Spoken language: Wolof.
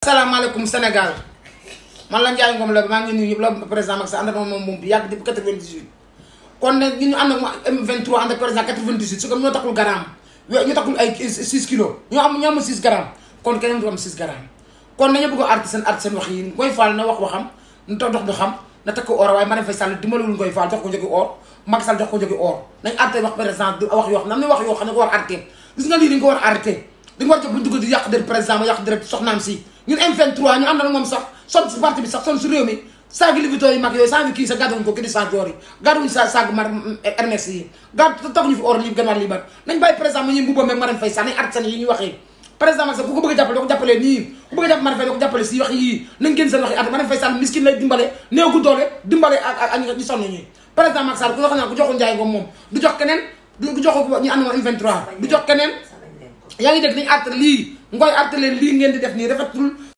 Assalamualaikum Senegal. man la Ndiaye Ngom la ma ngi nuyu yëpp la président Macky Sall ànd mom moom moom bi yàgg depuis 98 kon nak ñu and ak M23 and ak président 98 su ko ñoo takul gram. ñu takul ay 6 kilos Ñu am ñoo am 6 gram. kon kenen du am 6 gram. kon nañu bëgg a arti seen arti wax yi ngoy Fall na wax waxam ñu tax dox do xam na takku or way Marième Faye Sall dimbalul Ngoye Fall jox ko jóge or Macky Sall jox ko jóge or nañ arté wax président du wax yoo xam ne wax yoo xam ne ko war arté. gis nga li dañ ko war arté. Di nga war ci jóg buñ dugg di yàq der président ma yàq der soxnam si ñun M23 ñu moom sax son si parti bi sax son si réew mi saag livitoo yi mag yooyu saag yi gàdd sax nañ artisan yi ko bëgg a jàppale doo wax yii nañ génn seen wax yi at Marème Faye Sall miskin lay dimbale néew gu dimbale ak ñu sonn ñi président Macky Sall ku wax ku joxul njaay moom du jox keneen du moom du jox keneen yaa ngi dégg nañ àtt lii ngoy Arte leen lii ngeen di def nii rafetul